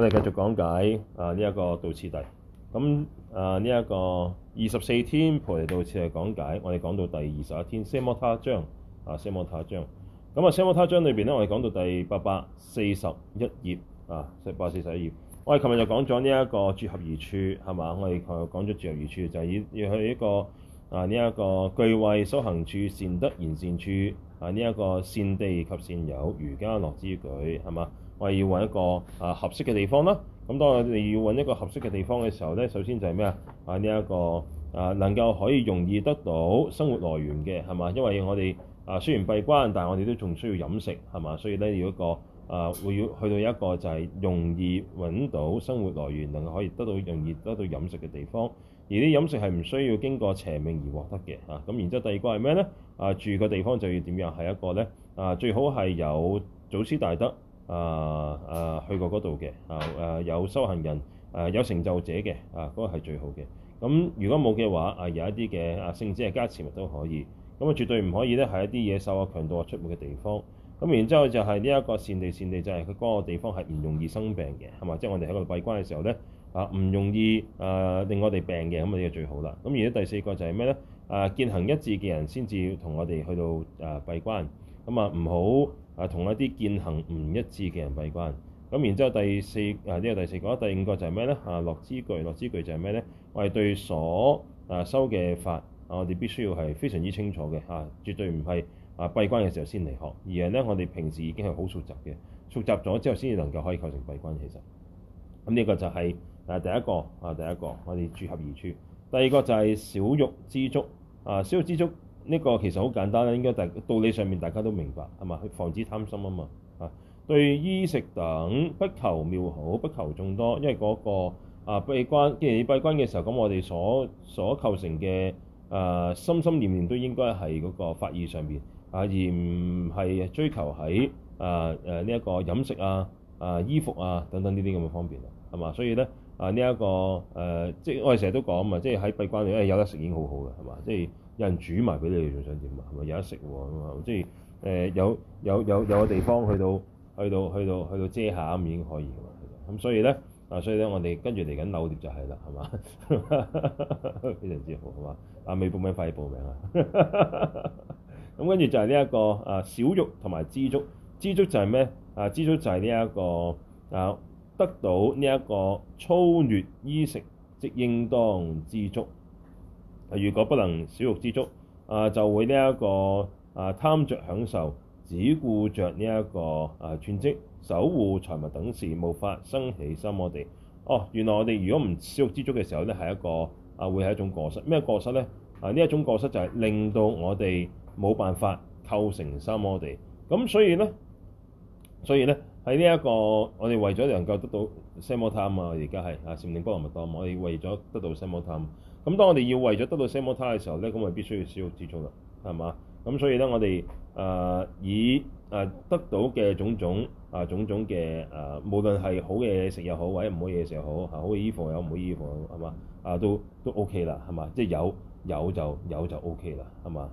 我哋繼續講解啊呢一個道次第，咁啊呢一個二十四天菩提道次係講解，我哋講到第二十一天《奢摩他章》啊他章嗯他章我，啊《奢摩他章》，咁啊《奢摩他章》裏邊咧，我哋講到第八百四十一頁，啊第八百四十一頁，我哋琴日就講咗呢一個聚合而處係嘛，我哋講講咗聚合而處，就係、是、要要去一個啊呢一、這個具慧修行處，善德言善處啊呢一、這個善地及善友如家樂之舉係嘛。我要揾一個啊，合適嘅地方啦。咁當我哋要揾一個合適嘅地方嘅時候咧，首先就係咩啊？喺呢一個啊，能夠可以容易得到生活來源嘅係嘛？因為我哋啊雖然閉關，但係我哋都仲需要飲食係嘛，所以咧要一個啊會要去到一個就係容易揾到生活來源，能夠可以得到容易得到飲食嘅地方。而啲飲食係唔需要經過邪命而獲得嘅嚇。咁、啊、然之後第二個係咩咧？啊住嘅地方就要點樣係一個咧啊？最好係有祖師大德。啊啊去過嗰度嘅啊啊有修行人啊有成就者嘅啊嗰、那個係最好嘅。咁如果冇嘅話啊有一啲嘅啊聖者啊加持物都可以。咁、那、啊、個、絕對唔可以咧係一啲野獸啊強度啊出沒嘅地方。咁、那個、然之後就係呢一個善地，善地就係佢嗰個地方係唔容易生病嘅係嘛。即係、就是、我哋喺度閉關嘅時候咧啊唔容易啊令我哋病嘅咁啊呢個就最好啦。咁而家第四個就係咩咧？啊見行一致嘅人先至同我哋去到啊閉關。咁啊唔好。啊，同一啲見行唔一致嘅人閉關，咁然之後第四啊，呢個第四個，第五個就係咩咧？啊，落知具。落知具就係咩咧？我哋對所啊修嘅法啊，我哋必須要係非常之清楚嘅啊，絕對唔係啊閉關嘅時候先嚟學，而係咧我哋平時已經係好熟習嘅，熟習咗之後先至能夠可以構成閉關。其實咁呢個就係啊第一個啊第一個我哋住合而處，第二個就係少欲知足啊少欲知足。呢、這個其實好簡單啦，應該大道理上面大家都明白係嘛？防止貪心啊嘛，啊對衣食等不求妙好，不求眾多，因為嗰、那個啊閉關既然閉關嘅時候，咁我哋所所構成嘅誒心心念念都應該係嗰個法義上邊啊，而唔係追求喺啊誒呢一個飲食啊啊衣服啊等等呢啲咁嘅方面啊，係嘛？所以咧啊呢一、這個誒、啊，即係我哋成日都講啊嘛，即係喺閉關裏邊因為有得食已經好好嘅係嘛，即係。有人煮埋俾你，仲想點啊？係咪有得食喎？咁即係誒有有有有個地方去到去到去到去到遮下咁已經可以㗎嘛。咁所以咧啊，所以咧我哋跟住嚟緊扭碟就係啦，係嘛？非常之好，係嘛？啊，未報名快啲報名啊！ 咁跟住就係呢一個啊少欲同埋知足，知足就係咩啊？知足就係呢一個啊得到呢一個粗劣衣食，即應當知足。啊！如果不能少欲知足，啊就會呢、這、一個啊貪着享受，只顧着呢一個啊攢積、守護財物等事，無法生起三摩地哦，原來我哋如果唔少欲知足嘅時候咧，係一個啊會係一種過失。咩過失咧？啊呢一種過失就係令到我哋冇辦法構成三摩地，咁所以咧，所以咧喺呢一、這個我哋為咗能夠得到三摩地啊，而家係啊禪定波羅蜜多，我哋為咗得到三摩地。咁當我哋要為咗得到奢摩他嘅時候咧，咁我必須要少支出啦，係嘛？咁所以咧，我哋誒、呃、以誒、呃、得到嘅種種啊、呃，種種嘅誒、呃，無論係好嘅嘢食又好，或者唔好嘢食又好，嚇、啊、好嘅衣服又好，唔好衣服又好，係嘛？啊，都都 OK 啦，係嘛？即係有有就有就 OK 啦，係嘛？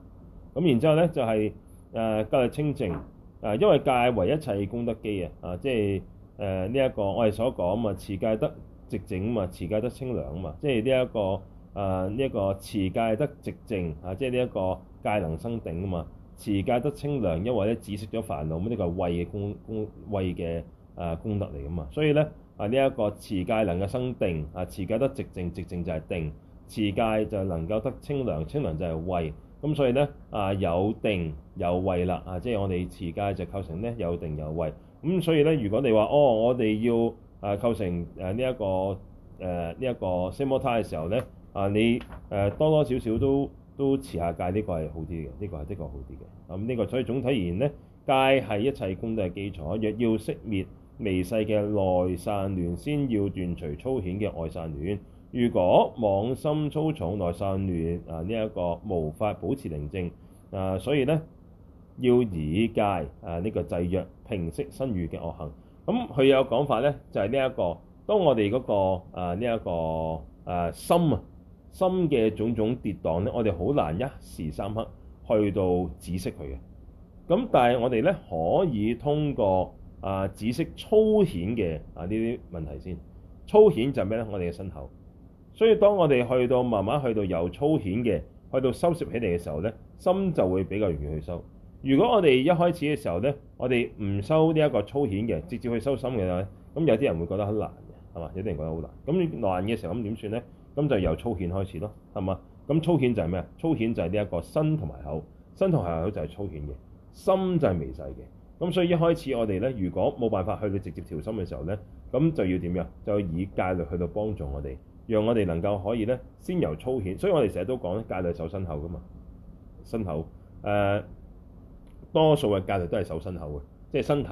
咁然之後咧就係誒戒清淨誒，因為戒為一切功德基啊，啊、呃，即係誒呢一個我哋所講嘛，持戒得直整嘛，持戒得清涼嘛，即係呢一個。啊、呃！呢、這、一個持戒得直正，啊，即係呢一個戒能生定啊嘛。持戒得清涼，因為咧止息咗煩惱，咁、這、呢個慧嘅功功慧嘅啊功德嚟啊嘛。所以咧啊，呢、這、一個持戒能嘅生定啊，持戒得直正，直正就係定；持戒就能夠得清涼，清涼就係慧。咁所以咧啊，有定有慧啦啊，即係我哋持戒就構成咧有定有慧。咁所以咧，如果你哋話哦，我哋要啊構成誒呢一個誒呢一個三摩他嘅時候咧。啊！你誒、呃、多多少少都都持下戒，呢、這個係好啲嘅，呢、這個係的確好啲嘅。咁、啊、呢、這個所以總體而言呢，戒係一切功德嘅基礎。若要息滅微細嘅內散亂，先要斷除粗顯嘅外散亂。如果妄心粗重、內散亂啊，呢、這、一個無法保持寧靜啊，所以呢，要以戒誒呢個制約，平息身語嘅惡行。咁、啊、佢有講法呢，就係呢一個當我哋嗰、那個啊呢一個誒心啊。這個啊心心嘅種種跌宕咧，我哋好難一時三刻去到止息佢嘅。咁但係我哋咧可以通過啊止息粗顯嘅啊呢啲問題先。粗顯就係咩咧？我哋嘅身口。所以當我哋去到慢慢去到由粗顯嘅去到收攝起嚟嘅時候咧，心就會比較容易去收。如果我哋一開始嘅時候咧，我哋唔收呢一個粗顯嘅，直接去收心嘅話，咁有啲人會覺得好難嘅，係嘛？有啲人覺得好難。咁難嘅時候咁點算咧？咁就由粗顯開始咯，係嘛？咁粗顯就係咩啊？粗顯就係呢一個身同埋口，身同埋口就係粗顯嘅，心就係微細嘅。咁所以一開始我哋咧，如果冇辦法去到直接調心嘅時候咧，咁就要點樣？就要以戒律去到幫助我哋，讓我哋能夠可以咧先由粗顯。所以我哋成日都講咧，戒律守身口噶嘛，身口誒、呃、多數嘅戒律都係守身口嘅，即係身體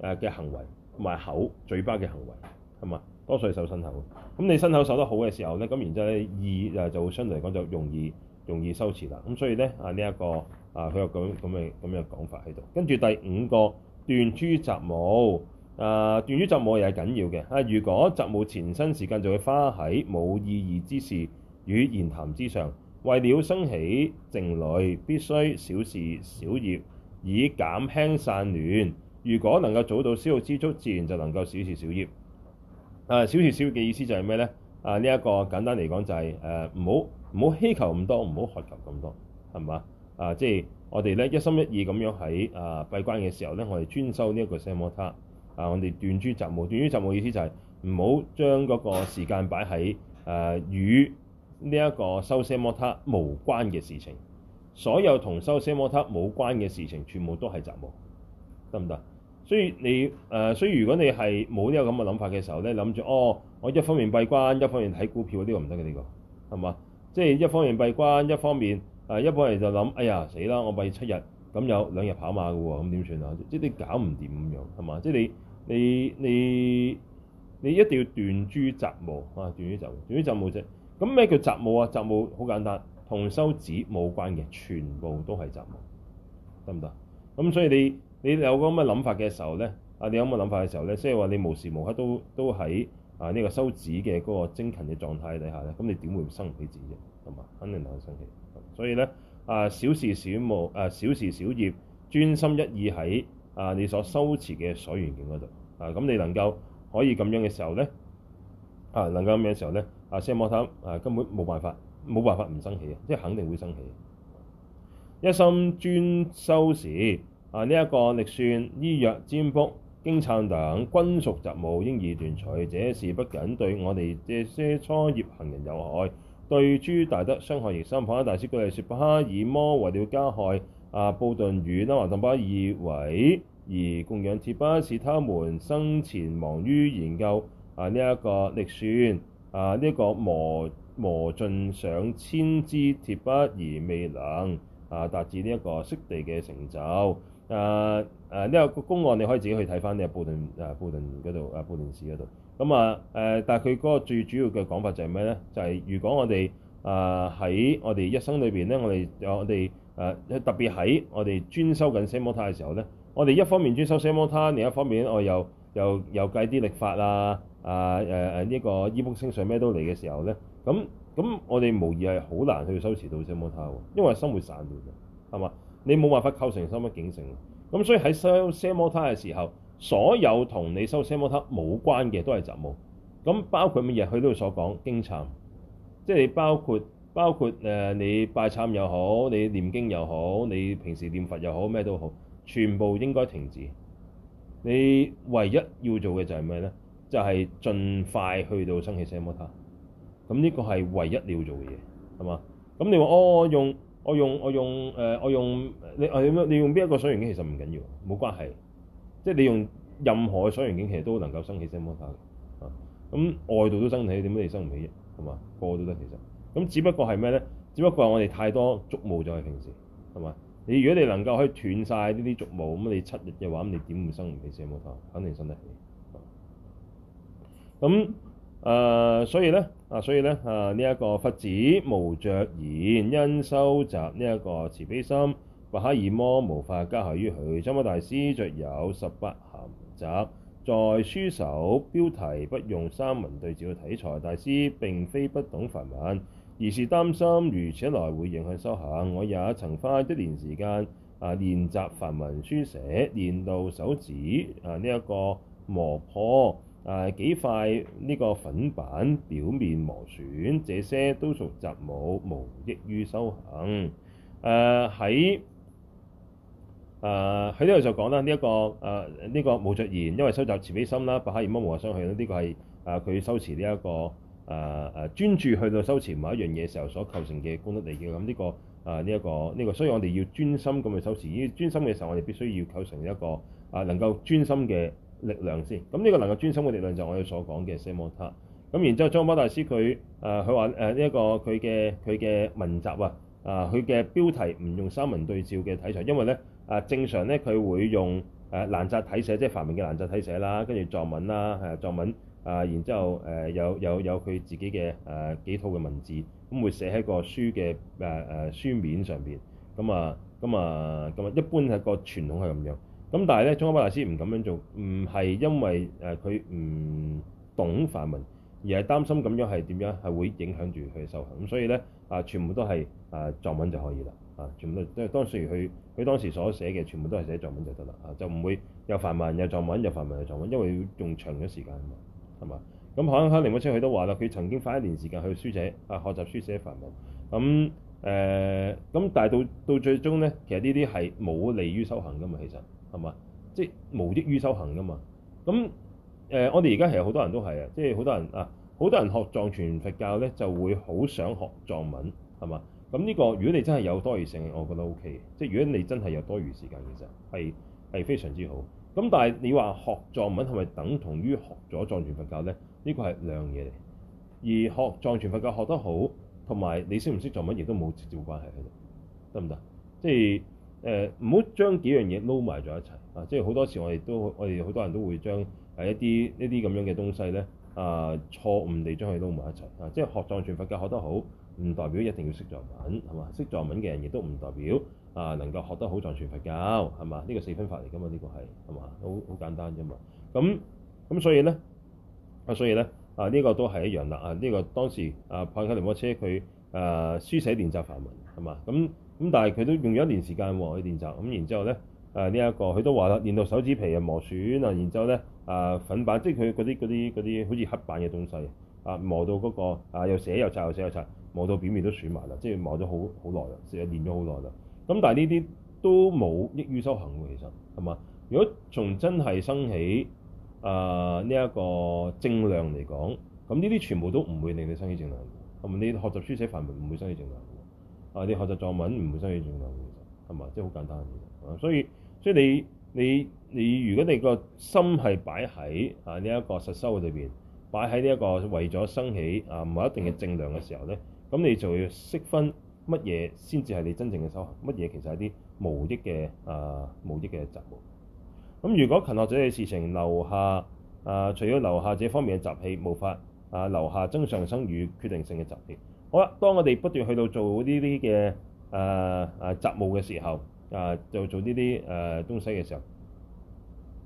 嘅行為同埋口嘴巴嘅行為，係嘛？多數守身口，咁你身口守得好嘅時候呢，咁然之後呢，意就就會相對嚟講就容易容易收持啦。咁所以呢，這個、啊呢一個啊佢有咁咁嘅咁嘅講法喺度。跟住第五個斷珠雜務，啊斷珠雜務又係緊要嘅。啊，如果雜務前身時間就去花喺冇意義之事與言談之上，為了升起淨慮，必須小事小業以減輕散亂。如果能夠早到消耗之足，自然就能夠小事小業。啊，少少少嘅意思就係咩咧？啊，呢、這、一個簡單嚟講就係、是、誒，唔好唔好希求咁多，唔好渴求咁多，係嘛？啊，即、就、係、是、我哋咧一心一意咁樣喺啊閉關嘅時候咧，我哋專修呢一個修奢摩他。啊，我哋斷諸雜務，斷諸雜務嘅意思就係唔好將嗰個時間擺喺誒、呃、與呢一個修 s 奢摩他無關嘅事情。所有同修 s 奢摩他無關嘅事情，全部都係雜務，得唔得？所以你誒、呃，所以如果你係冇呢個咁嘅諗法嘅時候咧，諗住哦，我一方面閉關，一方面睇股票呢個，唔得嘅呢個，係嘛？即係一方面閉關，一方面誒、呃，一般人就諗，哎呀死啦，我閉七日，咁有兩日跑馬嘅喎，咁點算啊？即係你搞唔掂咁樣，係嘛？即係你你你你一定要斷諸雜務啊，斷諸雜，斷諸雜務啫。咁咩叫雜務啊？雜務好簡單，同收紙冇關嘅，全部都係雜務，得唔得？咁所以你。你有咁嘅諗法嘅時候咧，啊，你有咁嘅諗法嘅時候咧，即係話你無時無刻都都喺啊呢個修止嘅嗰個精勤嘅狀態底下咧，咁你點會生唔起止啫？同埋肯定能夠生起，所以咧啊少事少務啊，少事少業，專心一意喺啊你所修持嘅所緣境嗰度啊，咁你能夠可以咁樣嘅時候咧啊能夠咁樣嘅時候咧啊，先冇得啊，根本冇辦法冇辦法唔生起啊，即係肯定會生起，一心專修時。啊！呢、這、一個曆算、醫藥、占卜、經懺等，均屬雜務，應易斷除。這是不僅對我哋這些初業行人有害，對諸大德傷害亦深。帕繃喀大師舉例說：白哈爾魔為了加害啊布頓與喇嘛蕩巴兩位，而供養鐵筆，使他們生前忙於研究啊呢一、這個曆算，啊呢一、這個磨磨盡上千支鐵筆而未能啊達至呢一個悉地嘅成就。誒誒呢個公案你可以自己去睇翻，呢、啊、個布頓誒布頓嗰度誒布頓市嗰度。咁啊誒、啊啊，但係佢嗰個最主要嘅講法就係咩咧？就係、是、如果我哋誒喺我哋一生裏邊咧，我哋我哋誒特別喺我哋專修緊奢摩他嘅時候咧，我哋一方面專修 s 奢摩他，另一方面我又又又計啲曆法啊啊誒誒呢個醫卜星相咩都嚟嘅時候咧，咁咁我哋無疑係好難去修持到 s 奢摩他喎，因為生活散亂嘅，係嘛？你冇辦法構成心一境性。咁所以喺 s 修奢摩他嘅時候，所有同你收修奢摩他冇關嘅都係雜務，咁包括乜嘢？佢都所講經懺，即、就、係、是、包括包括誒你拜懺又好，你念經又好，你平時念佛又好，咩都好，全部應該停止。你唯一要做嘅就係咩咧？就係、是、盡快去到生起奢摩他。咁呢個係唯一你要做嘅嘢，係嘛？咁你話哦我用。我用我用誒、呃、我用你我你用邊一個所緣境其實唔緊要，冇關係，即係你用任何所緣境其實都能夠生起奢摩他啊，咁外度都生，為什麼生起，點解你生唔起啫？係嘛，個個都得其實，咁只不過係咩咧？只不過我哋太多雜務就係平時，係嘛？你如果你能夠去以斷曬呢啲雜務，咁你七日嘅話，咁你點會生唔起奢摩他？肯定生得起，咁、嗯，嗯誒、啊、所以咧，啊所以咧，啊呢一、這個佛子無著賢，因修習呢一個慈悲心，白哈爾魔無法加害於佢。宗喀巴大師著有十八函集，在書首標題不用三文對照嘅體裁。大師並非不懂梵文，而是擔心如此來會影響修行。我也曾花一年時間啊練習梵文書寫，練到手指啊呢一、這個磨破。誒、啊、幾塊呢個粉板表面磨損，這些都屬雜務，無益於修行。誒喺誒喺呢度就講啦，呢、這、一個誒呢、啊這個無著賢，因為修習慈悲心啦，白哈爾魔而無一害上去啦。呢、這個係誒佢修持呢、這、一個誒誒、啊、專注去到修持某一樣嘢時候所構成嘅功德嚟嘅。咁呢、這個誒呢一個呢個，所以我哋要專心咁去修持。依專心嘅時候，我哋必須要構成一個啊能夠專心嘅。力量先，咁呢個能夠專心嘅力量就係我哋所講嘅 samatha。咁然之後，宗喀巴大師佢誒，佢話誒呢一個佢嘅佢嘅文集啊，啊佢嘅標題唔用三文對照嘅體裁，因為咧啊正常咧佢會用誒蘭札體寫，即係梵文嘅蘭札體寫啦，跟住藏文啦誒藏文啊，然之後誒有有有佢自己嘅誒幾套嘅文字，咁會寫喺個書嘅誒誒書面上邊。咁啊咁啊咁啊，一般係個傳統係咁樣。咁但係呢，宗喀巴大師唔咁樣做，唔係因為佢唔懂梵文，而係擔心咁樣係點樣係會影響住佢修行。咁所以呢，全部都係啊藏文就可以啦，全部都係當時佢佢當時所寫嘅，全部都係寫藏文就得啦，就唔會有梵文又藏文，文又梵文又藏文，因為要用長咗時間啊嘛係嘛。咁可能寧波青佢都話啦，佢曾經花一年時間去書寫，學習書寫梵文。咁、嗯呃、但係到，到最終呢，其實呢啲係冇利於修行㗎嘛，其實。係嘛？即係無益於修行噶嘛？咁誒、呃，我哋而家其實好多人都係啊，即係好多人啊，好多人學藏傳佛教咧，就會好想學藏文係嘛？咁呢個如果你真係有多餘性，我覺得 O K 嘅，即係如果你真係有多餘時間其實，係非常之好。咁但係你話學藏文係咪等同於學咗藏傳佛教咧？呢、這個係兩樣嘢嚟。而學藏傳佛教學得好，同埋你識唔識藏文亦都冇直接關係喺度，得唔得？即係。誒，唔好將幾樣嘢撈埋咗一齊啊！即係好多時我哋都，我哋好多人都會將係一啲呢啲咁樣嘅東西咧，啊，錯誤地將佢撈埋一齊啊！即係學藏傳佛教學得好，唔代表一定要識藏文係嘛？識藏文嘅人亦都唔代表啊，能夠學得好藏傳佛教係嘛？呢個四分法嚟㗎嘛？呢個係，係嘛？好，好簡單啫嘛！咁，咁所以咧啊，所以咧啊，呢個都係一樣啦啊！呢個當時啊，帕繃喀仁波切佢誒、啊、書寫練習梵文係嘛？咁。咁但係佢都用咗一年時間喎去練習，咁然之後咧，誒呢一個佢都話練到手指皮啊磨損啊，然之後咧，啊、呃、粉板即係佢嗰啲嗰啲啲好似黑板嘅東西啊、呃、磨到嗰、嗰個啊、呃、又寫又擦又寫又擦，磨到表面都損埋啦，即係磨咗好好耐啦，成日練咗好耐啦。咁但係呢啲都冇益於修行喎，其實係嘛？如果從真係生起啊呢一個正量嚟講，咁呢啲全部都唔會令你生起正量，係咪？你學習書寫梵文唔會生起正量。啊！啲學習作文唔會生起正量，其實係嘛？即係好簡單嘅。所以所以你你你，你如果你個心係擺喺啊呢一個實修嘅裏邊，擺喺呢一個為咗生起啊唔係一定嘅正量嘅時候咧，咁你就要識分乜嘢先至係你真正嘅修行，乜嘢其實係啲無益嘅啊無益嘅雜務。咁如果勤學者嘅事情留下啊，除咗留下這方面嘅習氣，無法啊留下增上生與決定性嘅習氣。好啦，當我哋不斷去到做呢啲嘅誒誒雜務嘅時候，誒、呃、做做呢啲誒東西嘅時候，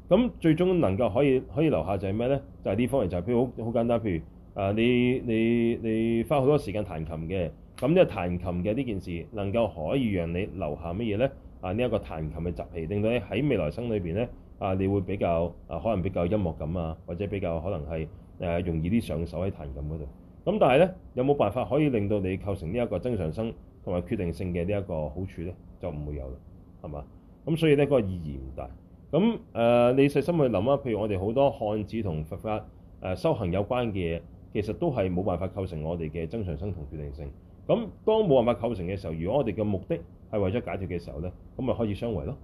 咁最終能夠可以可以留下就係咩咧？就係、是、呢方面、就是，就係譬如好好簡單，譬如誒、呃、你你你花好多時間彈琴嘅，咁呢個彈琴嘅呢件事能夠可以讓你留下乜嘢咧？啊呢一個彈琴嘅習氣，令到你喺未來生裏邊咧，啊、呃、你會比較啊、呃、可能比較音樂感啊，或者比較可能係、呃、容易啲上手喺彈琴嗰度。咁但係咧，有冇辦法可以令到你構成呢一個增上生同埋決定性嘅呢一個好處咧？就唔會有啦，係嘛？咁所以呢嗰、那個意義唔大。咁誒、呃，你細心去諗啊，譬如我哋好多漢字同佛法誒、呃、修行有關嘅嘢，其實都係冇辦法構成我哋嘅增上生同決定性。咁當冇辦法構成嘅時候，如果我哋嘅目的係為咗解決嘅時候咧，咁咪可以相違咯，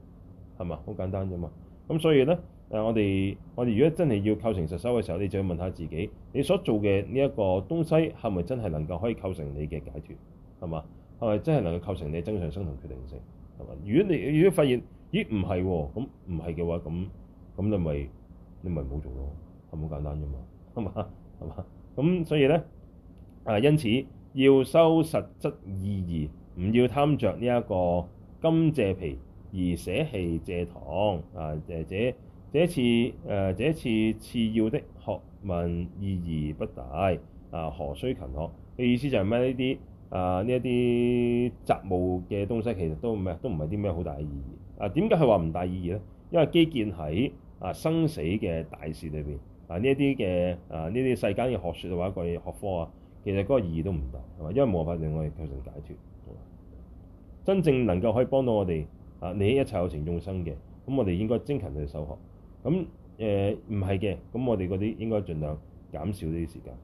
係嘛？好簡單啫嘛。咁所以咧。但係我哋我哋如果真係要構成實修嘅時候，你就要問下自己，你所做嘅呢一個東西係咪真係能夠可以構成你嘅解脫？係嘛？係咪真係能夠構成你嘅增上生同決定性？係嘛？如果你如果你發現咦唔係喎，咁唔係嘅話，咁咁你咪你咪唔好做咯，係咪好簡單啫嘛？係嘛？係嘛？咁所以咧啊，因此要修實質意義，唔要貪着呢一個甘蔗皮而捨棄蔗糖啊，或者。這次誒、呃，這次次要的學問意義不大啊，何須勤學嘅意思就係咩呢？啲啊呢一啲雜務嘅東西其實都咩都唔係啲咩好大嘅意義啊？點解佢話唔大意義咧？因為基建喺啊生死嘅大事裏邊啊，呢一啲嘅啊呢啲世間嘅學説嘅話一個學科啊，其實嗰個意義都唔大係嘛？因為無法令我哋修成解脱，真正能夠可以幫到我哋啊，利益一切有情眾生嘅咁，我哋應該精勤去修學。咁誒唔係嘅，咁、呃、我哋嗰啲應該盡量減少啲時間。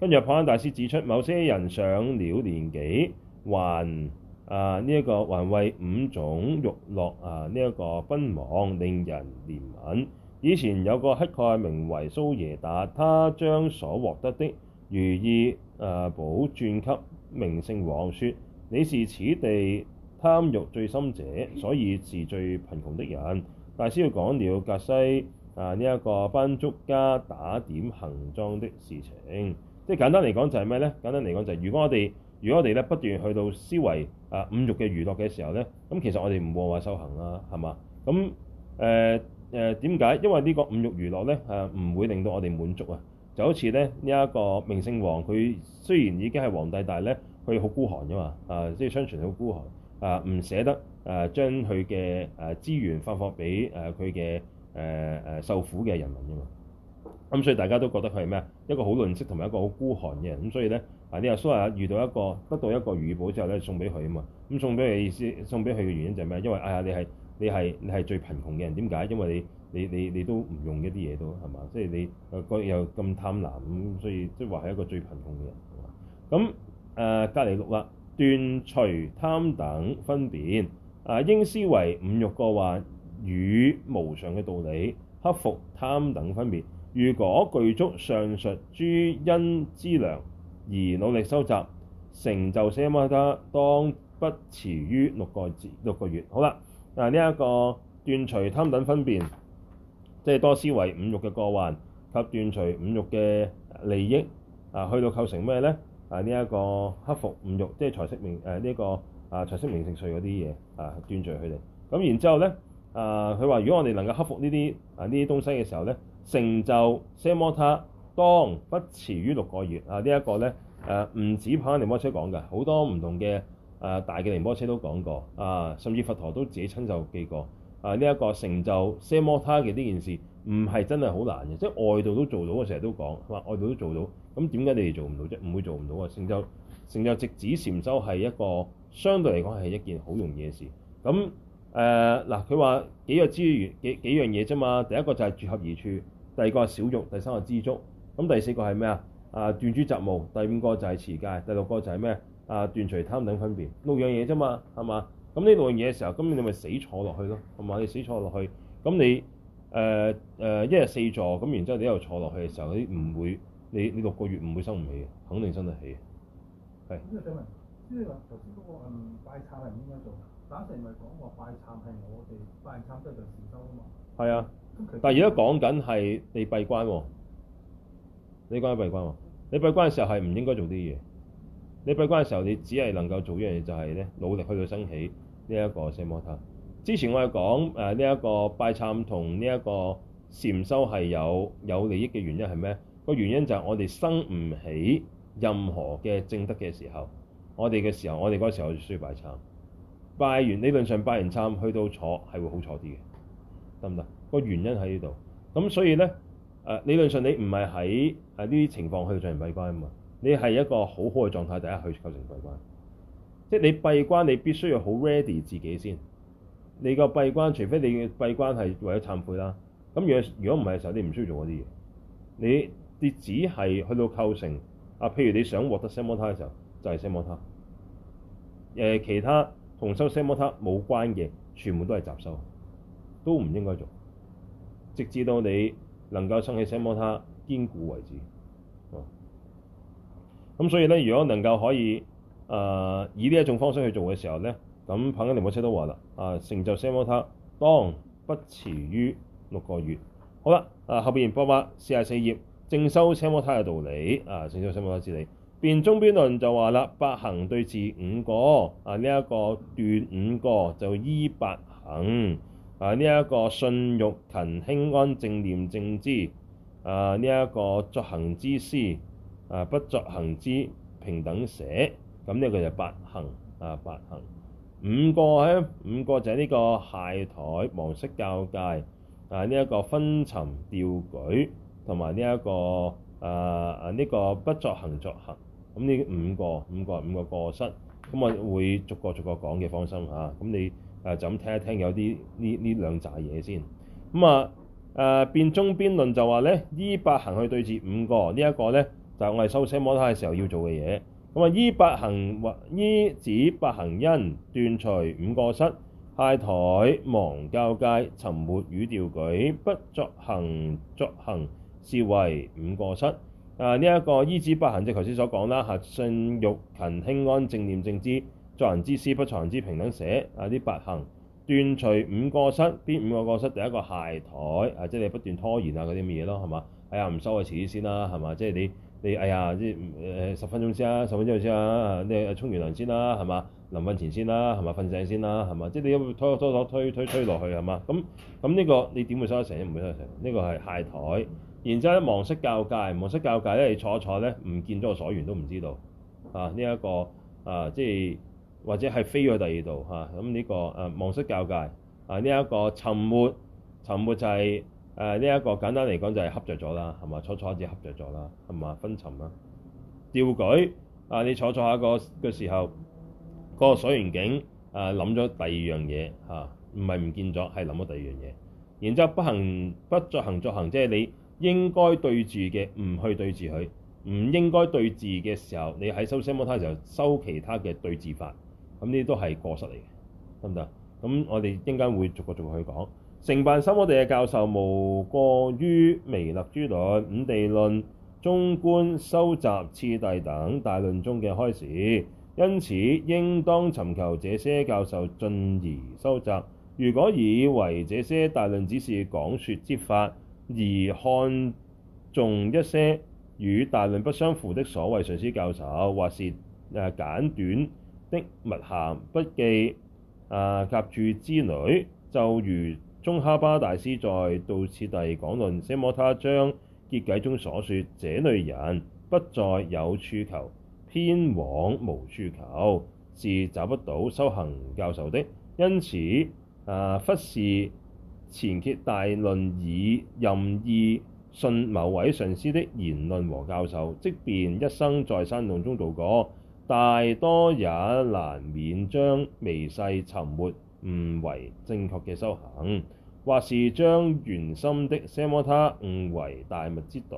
跟住帕繃喀大師指出，某些人上了年紀，還啊呢一、這個還為五種慾樂，啊呢一、這個奔忙，令人憐憫。以前有個乞丐名為蘇惹達，他將所獲得的如意誒寶轉給明勝王，説：你是此地貪欲最深者，所以是最貧窮的人。大師要講了格西啊呢一、這個奔貢嘉打點行裝的事情，即係簡單嚟講就係咩呢？簡單嚟講就係如果我哋如果我哋咧不斷去到思維啊五慾嘅娛樂嘅時候呢，咁其實我哋唔會話修行啦、啊，係嘛？咁誒誒點解？因為呢個五慾娛樂呢，誒、啊、唔會令到我哋滿足啊，就好似咧呢一、這個明勝王佢雖然已經係皇帝，但係呢，佢好孤寒㗎嘛，啊即係相傳好孤寒。啊，唔捨得，誒、啊、將佢嘅誒資源發放俾誒佢嘅誒誒受苦嘅人民啫嘛。咁、啊、所以大家都覺得佢係咩？一個好吝嗇，同埋一個好孤寒嘅人。咁、啊、所以咧、啊，你阿蘇惹達遇到一個得到一個如意寶之後咧，送俾佢啊嘛。咁送俾佢嘅意思，送俾佢嘅原因就係咩？因為哎呀、啊，你係你係你係最貧窮嘅人，點解？因為你你你你都唔用一啲嘢都係嘛？即係、就是、你個又咁貪婪咁、啊，所以即係話係一個最貧窮嘅人。咁誒、啊啊、隔離六啦。斷除貪等分辨，啊應思維五欲過患與無常嘅道理，克服貪等分別。如果具足上述諸因之良而努力收集，成就捨摩得，當不遲於六個字六月。好啦，啊呢一個斷除貪等分辨，即係多思維五欲嘅過患及斷除五欲嘅利益，啊去到構成咩呢？係呢一個克服五欲，即係財色名，誒、啊、呢、這個啊財色名食睡嗰啲嘢啊，斷除佢哋。咁然之後咧，啊佢話、啊、如果我哋能夠克服呢啲啊呢啲東西嘅時候咧，成就 s 奢摩他，當不遲於六個月。啊呢一個咧誒，唔、啊、止帕繃喀仁波切講㗎，好多唔同嘅誒、啊、大嘅仁波切都講過。啊，甚至佛陀都自己親授記過。啊呢一、這個成就 s 奢摩他嘅呢件事，唔係真係好難嘅，即係外道都做到。我成日都講，話外道都做到。咁點解你哋做唔到啫？唔會做唔到啊！成就成就直指禪修係一個相對嚟講係一件好容易嘅事。咁誒嗱，佢、呃、話幾個之源，幾幾樣嘢啫嘛。第一個就係住合而處，第二個係少欲，第三個係知足。咁第四個係咩啊？啊斷諸雜務，第五個就係持戒，第六個就係咩啊？斷除貪等分別，六樣嘢啫嘛，係嘛？咁呢六樣嘢嘅時候，咁你咪死坐落去咯，同埋你死坐落去，咁你誒誒、呃呃、一日四座咁，然之後你又坐落去嘅時候，你唔會。你你六個月唔會生唔起，肯定生得起。係。即係話頭先嗰拜懺係唔應該做？省城唔係講話拜懺，係我哋拜懺即係做禪修啊嘛。係啊。但係而家講緊係你閉關喎，你關唔閉關，你閉關嘅時候係唔應該做啲嘢。你閉關嘅時候，你，候你只係能夠做一樣嘢，就係咧努力去到升起，呢一個奢摩他。之前我係講誒呢一個拜懺同呢一個禪修係有有利益嘅原因係咩？個原因就係我哋生唔起任何嘅正德嘅時候，我哋嘅時候，我哋嗰個時候就需要拜懺。拜完理論上拜完懺去到坐係會好坐啲嘅，得唔得？個原因喺呢度。咁所以咧，誒理論上你唔係喺呢啲情況去進行閉關啊嘛，你係一個好好嘅狀態第一去構成閉關。即係你閉關，你必須要好 ready 自己先。你個閉關除非你嘅閉關係為咗懺悔啦，咁如果唔係嘅時候，你唔需要做嗰啲嘢。你跌只係去到構成啊，譬如你想獲得奢摩他嘅時候，就係奢摩他。其他同收奢摩他冇關嘅，全部都係雜收，都唔應該做。直至到你能夠升起奢摩他堅固為止。咁、啊、所以咧，如果能夠可以誒、呃、以呢一種方式去做嘅時候咧，咁帕繃喀仁波切都話啦，啊，成就奢摩他當不遲於六個月。好啦，啊後面播博四廿四頁。正修奢摩他嘅道理。啊，正修奢摩他之理。辯中邊論就話啦，八行對治五過。啊，呢、這、一個斷五過就依八行。啊，呢、這、一個信欲勤輕安正念正知。啊，呢、這、一個作行之師。啊，不作行之平等捨。咁、啊、呢，佢、這個、就八行。啊，八行。五過咧，五過就係呢個懈怠忘失教授。啊，呢、這、一個昏沉掉舉。同埋呢一個啊啊呢個不作行作行，咁呢五個五個五個過失，咁我會逐個逐個講嘅放心嚇，咁你啊、呃、就咁聽一聽有啲呢呢兩紮嘢先，咁啊誒辨中邊論就話咧依八行去對治五個，這個、呢一個咧就是、我哋修奢摩他嘅時候要做嘅嘢，咁啊依八行或依止八行因斷除五過失，懈怠忘教授、沉沒與掉舉、不作行作行。是為五過失，啊！呢、這、一個依止八行，即係頭先所講啦。信、欲、勤、輕安、正念、正知，作行之思不作行之平等捨啊！啲八行斷除五過失，邊五個過失？第一個懈怠啊！即係你不斷拖延啊嗰啲乜嘢咯，係嘛？哎呀，唔收啊，遲啲先啦，係嘛？即係你你哎呀，即係誒十分鐘先啦，十分鐘先啦，你沖完涼先啦，係嘛？臨瞓前先啦，係嘛？瞓醒先啦，係嘛？即係你推推推推推落去，係嘛？咁咁呢個你點會收得成？唔會收得成。呢、這個係懈怠。然之後咧，忘失教誡，忘失教誡咧，你坐坐咧，唔見咗個所緣都唔知道啊！呢一個啊，即係或者係飛咗第二度嚇。咁呢個誒忘失教誡啊，呢一個沉沒沉沒就係誒呢一個簡單嚟講就係瞌着咗啦，係嘛？坐一坐自己瞌着咗啦，係嘛？昏沉啦，掉舉啊！你坐坐下個嘅時候，個所緣境啊，諗咗第二樣嘢嚇，唔係唔見咗，係諗咗第二樣嘢。然之後不行不作行作行，即係你。應該對治嘅唔去對治佢，唔應該對治嘅時候，你喺修奢摩他嘅時候修其他嘅對治法，咁呢啲都係過失嚟嘅，得唔得？咁我哋陣間會逐個逐個去講。成辦三摩地嘅教授無過於彌勒諸論、五地論、中觀修習次第等大論中嘅開示。因此應當尋求這些教授進而修習。如果以為這些大論只是講説之法，而看重一些與大論不相符的所謂上師教授，或是簡短的密函筆記啊夾注之類，就如宗喀巴大師在《道次第廣論》奢摩他章結偈中所說：這類人不在有處求，偏往無處求，是找不到修行教授的，因此啊忽視。前揭大論以任意信某位上師的言論和教授，即便一生在山洞中度過，大多也難免將微細沉沒誤為正確嘅修行，或是將緣心的 s 奢摩他誤為大密之道，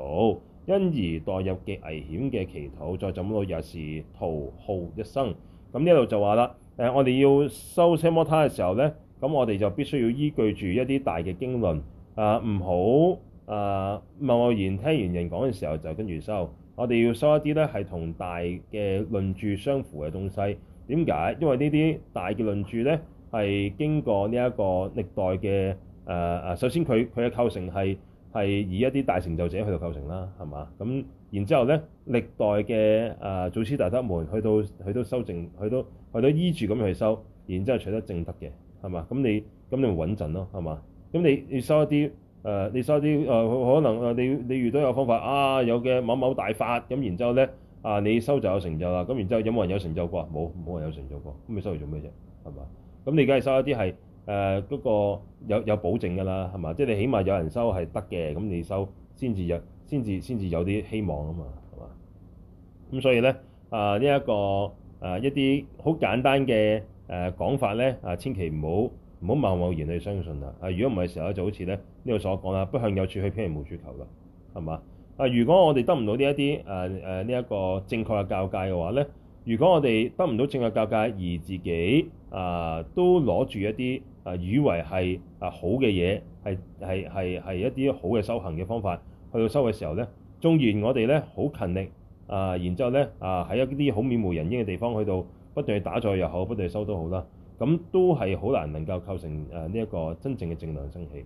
因而墮入極危險嘅歧途，再怎麼努力也是徒耗一生。咁呢度就話啦，誒、呃，我哋要修奢摩他嘅時候呢。咁我哋就必須要依據住一啲大嘅經論啊，唔好啊，貿貿然聽完人講嘅時候就跟住收。我哋要收一啲咧，係同大嘅論著相符嘅東西。點解？因為呢啲大嘅論著咧，係經過呢一個歷代嘅、啊、首先佢佢嘅構成係係以一啲大成就者去到構成啦，係嘛？咁然之後咧歷代嘅誒、啊、祖師大德們去到去到修正去到佢都依住咁去收，然之後取得正德嘅。係嘛？咁你咁你咪穩陣咯，係嘛？咁你你收一啲誒，你收一啲誒，可能誒你你遇到有方法啊，有嘅某某大法，咁然之後咧啊，你收就有成就啦。咁然之後有冇人有成就過？冇冇人有成就過。咁你收嚟做咩啫？係嘛？咁你梗係收一啲係誒嗰個有有保證㗎啦，係嘛？即係你起碼有人收係得嘅，咁你收先至有先至先至有啲希望啊嘛，係嘛？咁所以咧啊呢一個誒一啲好簡單嘅。誒、啊、講法咧啊，千祈唔好唔好貿貿然去相信啦！啊，如果唔係時候就好似咧呢度所講啦，不向有處去，偏嚟無處求啦，係嘛？啊，如果我哋得唔到呢一啲誒呢一個正確嘅教戒嘅話咧，如果我哋得唔到正確教戒而自己啊都攞住一啲啊以為係啊好嘅嘢，係係係一啲好嘅修行嘅方法，去到修嘅時候咧，縱然我哋咧好勤力啊，然之後咧啊喺一啲好渺無人煙嘅地方去到。不斷去打坐又好，不斷去收好都好啦，咁都係好難能夠構成呢一、呃這個真正嘅正量升起，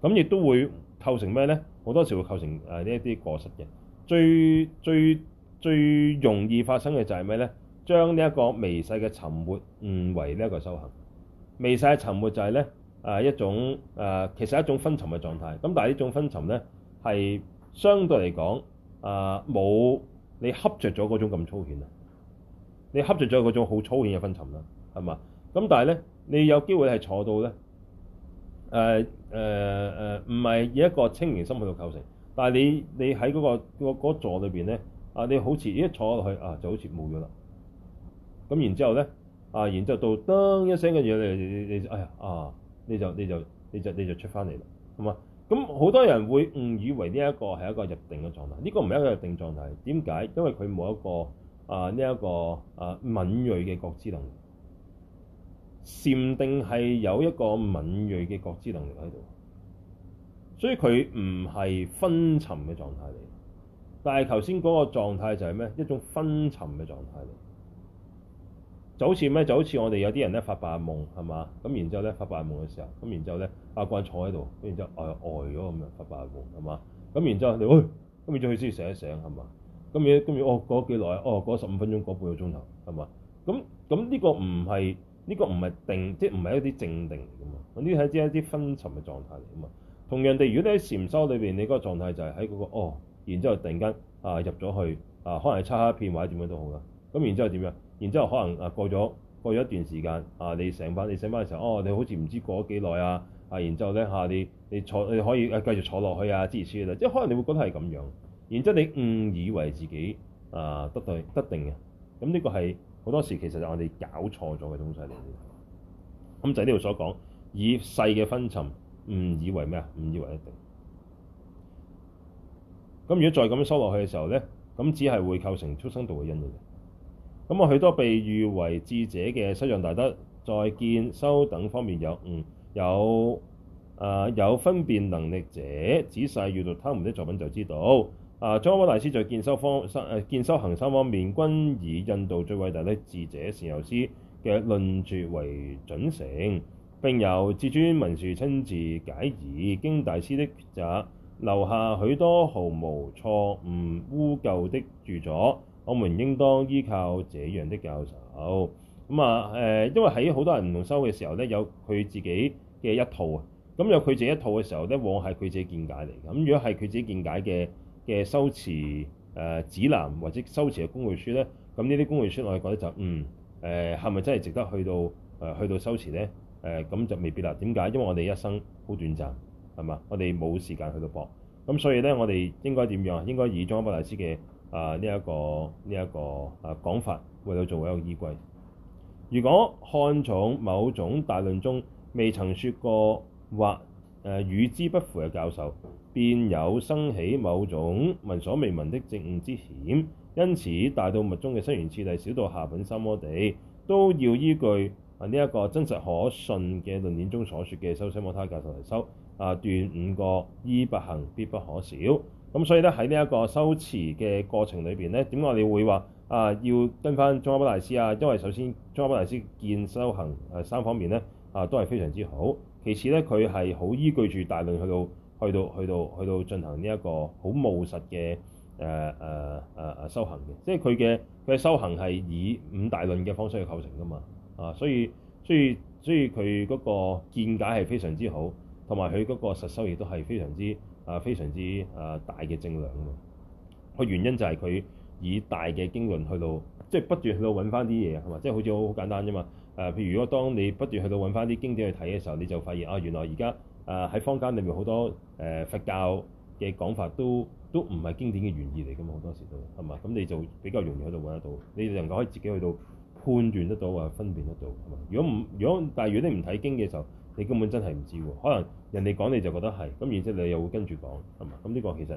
咁亦都會構成咩咧？好多時候會構成呢一啲過失嘅。最最最容易發生嘅就係咩咧？將呢一個微細嘅沉沒誤為呢一個修行。微細嘅沉沒就係、是、咧、呃、一種、呃、其實係一種昏沉嘅狀態，咁但係呢種昏沉咧係相對嚟講冇你恰着咗嗰種咁粗顯啊。你恰着咗嗰種好粗淺嘅昏沉啦，係嘛？咁但係咧，你有機會係坐到咧，誒誒誒，唔係以一個清明心去到構成，但係你你喺嗰個嗰個座裏邊咧，啊你好似一坐落去啊就好似冇咗啦，咁然之後咧啊，然之後到噔一聲嘅嘢你你你就哎呀啊，你就你就你就你就，你就出翻嚟啦，係嘛？咁好多人會誤以為呢一個係一個入定嘅狀態，呢個唔係一個入定狀態，點解？因為佢冇一個。啊！呢一個啊敏銳嘅覺知能力，禪定係有一個敏銳嘅覺知能力喺度，所以佢唔係昏沉嘅狀態嚟。但係頭先嗰個狀態就係咩？一種昏沉嘅狀態嚟，就好似咩？就好似我哋有啲人咧發白夢係嘛，咁然之後咧發白夢嘅時候，咁然之後咧啊慣坐喺度，咁然之後呆呆咗咁樣發白夢係嘛，咁然之後你喂、哎，咁然之後佢先醒一醒係嘛。咁樣咁樣哦，過咗幾耐哦，過咗十五分鐘，過半個鐘頭，係嘛？咁咁呢個唔係呢個唔係定，即係唔係一啲靜定嚟噶嘛？呢係一啲一啲分沉嘅狀態嚟噶嘛？同樣哋，如果喺禪修裏邊，你嗰個狀態就係喺嗰個哦，然之後突然間啊入咗去啊，可能係差一片或者點樣都好啦。咁然之後點樣？然之後可能啊過咗過咗一段時間啊，你成班你醒返嘅時候，哦，你好似唔知過咗幾耐啊啊，然之後咧嚇、啊、你你坐你可以誒繼續坐落去啊，黐住書即係可能你會覺得係咁樣。然之後，你誤以為自己啊得對得定嘅，咁、嗯、呢、這個係好多時其實係我哋搞錯咗嘅東西嚟嘅。咁、嗯、就呢、是、度所講，以細嘅昏沉誤以為咩啊？誤以為得定。咁、嗯、如果再咁樣收落去嘅時候咧，咁、嗯、只係會構成畜生道嘅因嘅。咁我許多被譽為智者嘅西藏大德，在見修等方面有誤、嗯，有啊、呃、有分辨能力者，仔細閱讀他們的作品就知道。啊！宗喀巴大師在見修方三見修行三方面，均以印度最偉大的智者成就師嘅論著為準繩，並由至尊文殊親自解疑。經大師的抉擇，留下許多毫無錯誤污垢的著作，我們應當依靠這樣的教授。咁、嗯、啊誒、呃，因為喺好多人唔同修嘅時候咧，有佢自己嘅一套啊。咁、嗯、有佢自己一套嘅時候咧，往往係佢自己的見解嚟嘅。咁、嗯、如果係佢自己見解嘅，嘅修辭誒指南或者修辭嘅工具書咧，咁呢啲工具書我哋覺得就嗯誒係咪真係值得去到誒、呃、去到修辭咧？誒、呃、咁就未必啦。點解？因為我哋一生好短暫，係嘛？我哋冇時間去到博。咁所以咧，我哋應該點樣啊？應該以宗喀巴大師嘅啊呢一個呢一、這個誒、呃、講法，為到做為一個依歸。如果看重某種大論中未曾説過或誒與、呃、之不符嘅教授。便有生起某種聞所未聞的證悟之險，因此大到密宗嘅生圓次第，小到下品三摩地，都要依據啊呢一個真實可信嘅論典中所說嘅奢摩他教授嚟修啊。斷五過，依八行必不可少。咁所以咧，喺呢一個修持嘅過程裏面咧，點解我哋會話啊要跟翻宗喀巴大師啊？因為首先宗喀巴大師見修行誒、啊、三方面咧啊都係非常之好，其次咧佢係好依據住大論去到。去到去到去到進行呢一個好務實嘅誒誒誒誒修行嘅，即係佢嘅佢修行係以五大論嘅方式去構成㗎嘛，啊，所以所以所以佢嗰個見解係非常之好，同埋佢嗰個實修亦都係非常之啊非常之啊大嘅正量㗎嘛。個原因就係佢以大嘅經論去到，即係不斷去到揾翻啲嘢係嘛，即係好似好簡單啫嘛。誒，譬如如果當你不斷去到揾翻啲經典去睇嘅時候，你就發現啊，原來而家。啊！喺坊間裏面好多誒、呃、佛教嘅講法都都唔係經典嘅原意嚟嘅嘛，好多時都係嘛。咁你就比較容易喺度揾得到，你哋能夠可以自己去到判斷得到或分辨得到係嘛。如果唔如果但係如果你唔睇經嘅時候，你根本真係唔知喎。可能人哋講你就覺得係，咁然之後你又會跟住講係嘛。咁呢個其實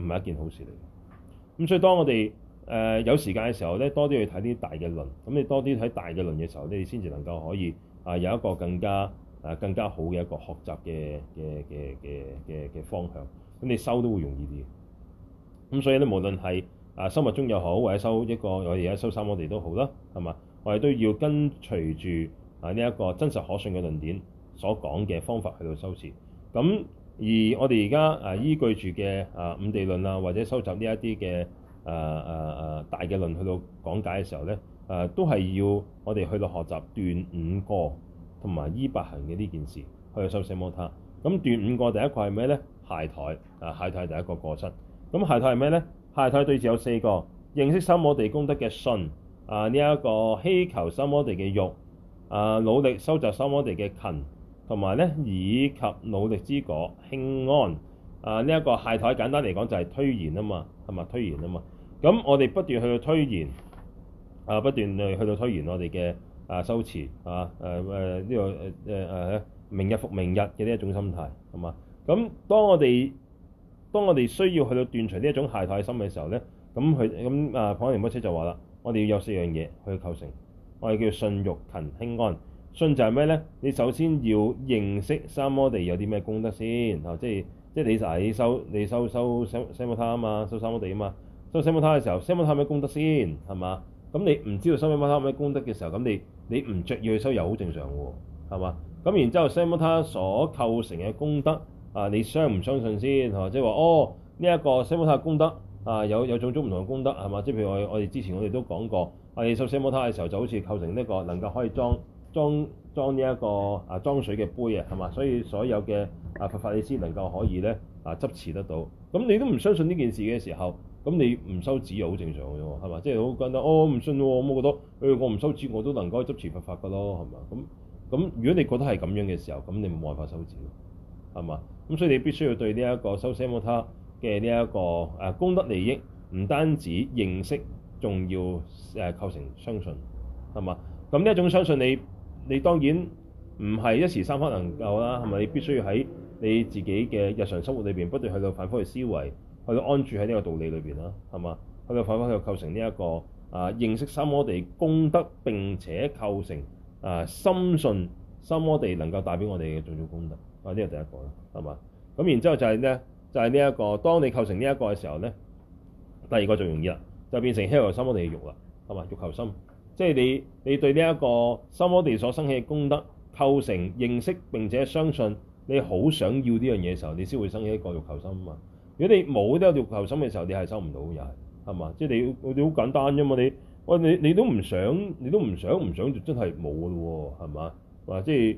唔係一件好事嚟嘅。咁所以當我哋誒、呃、有時間嘅時候咧，多啲去睇啲大嘅論。咁你多啲睇大嘅論嘅時候，你先至能夠可以啊有一個更加。啊，更加好嘅一個學習嘅嘅嘅嘅嘅嘅方向，咁你收都會容易啲。咁所以咧，無論係啊修密宗又好，或者修一個我哋而家修三，我哋都好啦，係嘛？我哋都要跟隨住啊呢一個真實可信嘅論點所講嘅方法去到修持。咁而我哋而家啊依據住嘅啊五地論啊，或者收集呢一啲嘅啊啊啊大嘅論去到講解嘅時候咧，誒、啊、都係要我哋去到學習斷五過同埋依八行嘅呢件事去到修奢摩他，咁斷五個第一個係咩咧？懈怠啊，懈怠係第一個過失。咁懈怠係咩咧？懈怠對治有四個：認識三摩地功德嘅信啊，呢、這、一個希求三摩地嘅欲啊，努力收集三摩地嘅勤，同埋咧以及努力之果輕安啊，呢、這、一個懈怠簡單嚟講就係推延啊嘛，係咪推延啊嘛？咁我哋不斷去到推延啊，不斷去到推延我哋嘅。啊，修持啊，誒誒呢個誒誒誒，that, uh, uh, 明日復明日嘅呢一種心態，係嘛？咁當我哋當我哋需要去到斷除呢一種懈怠心嘅時候咧，咁佢咁啊，帕繃喀大師就話啦，我哋要有四樣嘢去構成，我哋叫信欲勤輕安。信就係咩咧？你首先要認識三摩地有啲咩功德先，然後即係即係你就係修修你修修修奢摩他啊嘛，修三摩地啊嘛，修奢摩他嘅時候，奢摩他有咩功德先係嘛？咁、嗯、你唔知道奢摩他有咩功德嘅時候，咁你。你唔着要去收又好正常喎，係嘛？咁然之後，奢摩他所構成嘅功德啊，你相唔相信先？即係話，哦，呢一個奢摩他功德啊，有有種種唔同嘅功德係嘛？即係譬如我我哋之前我哋都講過，我哋修奢摩他嘅時候，就好似構成呢個能夠可以裝裝裝呢一個啊裝水嘅杯啊，係嘛？所以所有嘅啊佛法你先能夠可以咧啊執持得到。咁你都唔相信呢件事嘅時候，咁你唔修止又好正常嘅喎，係嘛？即係好簡單，哦、我唔信喎，我覺得誒、哎，我唔修止我都能夠執持不放㗎咯，係嘛？咁咁如果你覺得係咁樣嘅時候，咁你冇辦法修止，係嘛？咁所以你必須要對呢一個修奢摩他嘅呢一個誒、功德利益，唔單止認識，仲要誒構成相信，係嘛？咁呢一種相信你，你當然唔係一時三刻能夠啦，係咪？你必須要喺你自己嘅日常生活裏面不斷去反覆去思維。去到安住喺呢個道理裏邊啦，係嘛？去到反反又構成呢、這、一個啊，認識三摩地功德，並且構成啊，深信三摩地能夠帶俾我哋嘅重要功德。啊，呢個第一個啦，係嘛？咁然之後就係咧，就係呢一個。當你構成呢一個嘅時候咧，第二個最容易啦，就變成希求三摩地欲啦，係嘛？欲求心，即係你你對呢一個三摩地所生起嘅功德構成認識並且相信你好想要呢樣嘢嘅時候，你先會生起一個欲求心啊嘛。如果你冇，得有欲求心嘅時候，你係收唔到嘅，又係，係嘛？即係你，你好簡單啫嘛，你，哇！你你都唔想，你都唔想，唔想就的沒有，就真係冇嘅喎，係、呃、嘛？話即係，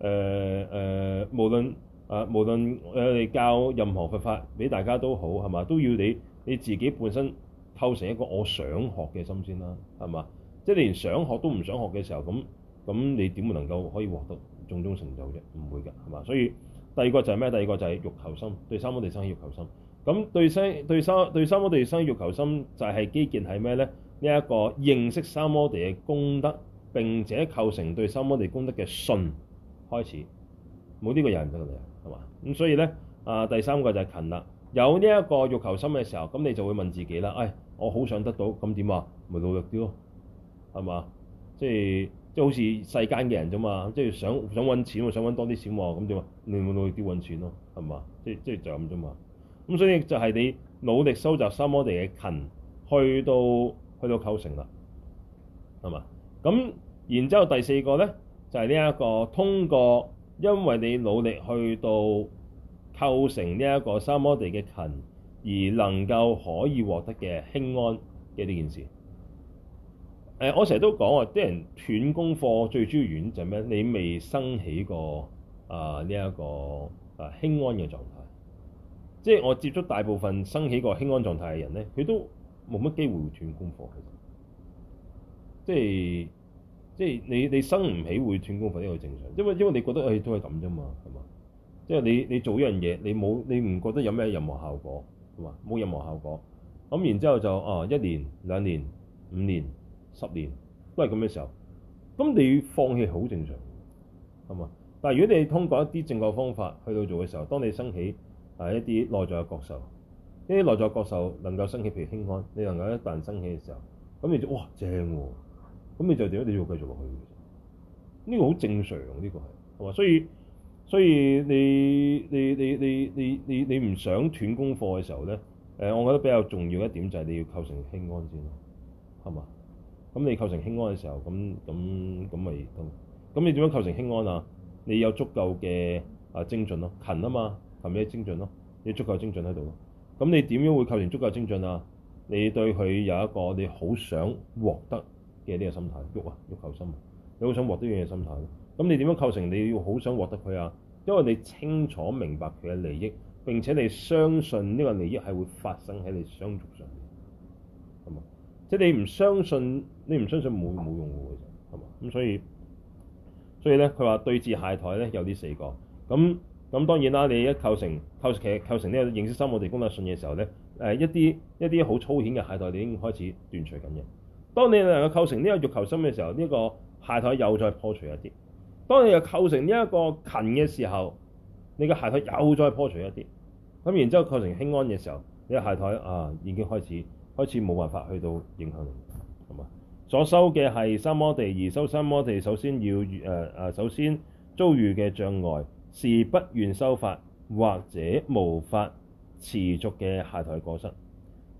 誒誒，無論啊、呃，無論誒，你教任何佛法俾大家都好，係嘛？都要你你自己本身構成一個我想學嘅心先啦，係嘛？即、就、係、是、你連想學都唔想學嘅時候，咁咁你點會能夠可以獲得種種成就啫？唔會㗎，係嘛？所以。第二個就係咩？第二個就係欲求心。對三摩地生欲求心。咁對，對三對三對三摩地生欲求心，就係基建係咩咧？呢、這、一個認識三摩地嘅功德，並且構成對三摩地功德嘅信開始。冇呢個又唔得嘅，係嘛？咁所以咧，啊第三個就係勤啦。有呢一個欲求心嘅時候，咁你就會問自己啦：，唉、哎，我好想得到，咁點啊？咪努力啲咯，係嘛？即係。即係好似世間嘅人咋嘛？即係想想搵錢，想搵多啲錢喎，咁點呀？你會努力啲搵錢咯，係嘛？即即係就咁啫嘛。咁所以就係你努力收集三摩地嘅勤，去到去到構成啦，係嘛？咁然之後第四個咧，就係呢一個通過，因為你努力去到構成呢一個三摩地嘅勤，而能夠可以獲得嘅輕安嘅呢件事。誒、欸，我成日都講啊！啲人斷功課最主要原因就係咩？你未升起過、呃這個啊呢一個啊輕安嘅狀態，即係我接觸大部分升起過輕安狀態嘅人咧，佢都冇乜機會會斷功課嘅。即係即係你你生唔起會斷功課，呢個正常，因為因為你覺得誒都係咁啫嘛，係嘛？即係你你做一樣嘢，你冇你唔覺得有咩任何效果，係嘛？冇任何效果咁，然之後就啊一年兩年五年。十年都係咁嘅時候，咁你放棄好正常，係嘛？但係如果你通過一啲正確方法去到做嘅時候，當你升起係一啲內在嘅覺受，呢啲內在嘅覺受能夠升起，譬如輕安，你能夠一旦升起嘅時候，咁你就哇正喎、啊，咁你就點？一定要繼續落去呢個好正常，呢個係係嘛？所以所以你你你你你你你唔想斷功課嘅時候咧，誒，我覺得比較重要一點就係你要構成輕安先，係嘛？咁你構成輕安嘅時候，咁咁咁咪咁？咁你點樣構成輕安啊？你有足夠嘅啊精進咯，勤啊嘛，係咪精進咯，你足夠的精進喺度咯。咁你點樣會構成足夠的精進啊？你對佢有一個你好想獲得嘅呢個心態，喐啊欲求心，你好想獲得呢樣嘅心態咯。咁你點樣構成？你要好想獲得佢啊，因為你清楚明白佢嘅利益，並且你相信呢個利益係會發生喺你相續上面，係嘛？即係你唔相信。你唔相信冇冇用嘅其實就係嘛咁所以所以咧佢話對治懈怠咧有呢四個咁咁當然啦你一構成構其實成呢個認識三摩地功德信嘅時候咧誒、呃、一啲一啲好粗顯嘅懈怠已經開始斷除緊嘅。當你能夠構成呢個欲求心嘅時候，呢、這個懈怠又再破除一啲。當你又構成呢一個勤嘅時候，你嘅懈怠又再破除一啲。咁然之後構成輕安嘅時候，你、這個、懈怠啊已經開始開始冇辦法去到影響人，係嘛？所修嘅係三摩地，而修三摩地首先要、呃、首先遭遇嘅障礙是不願修法或者無法持續嘅懈怠過失，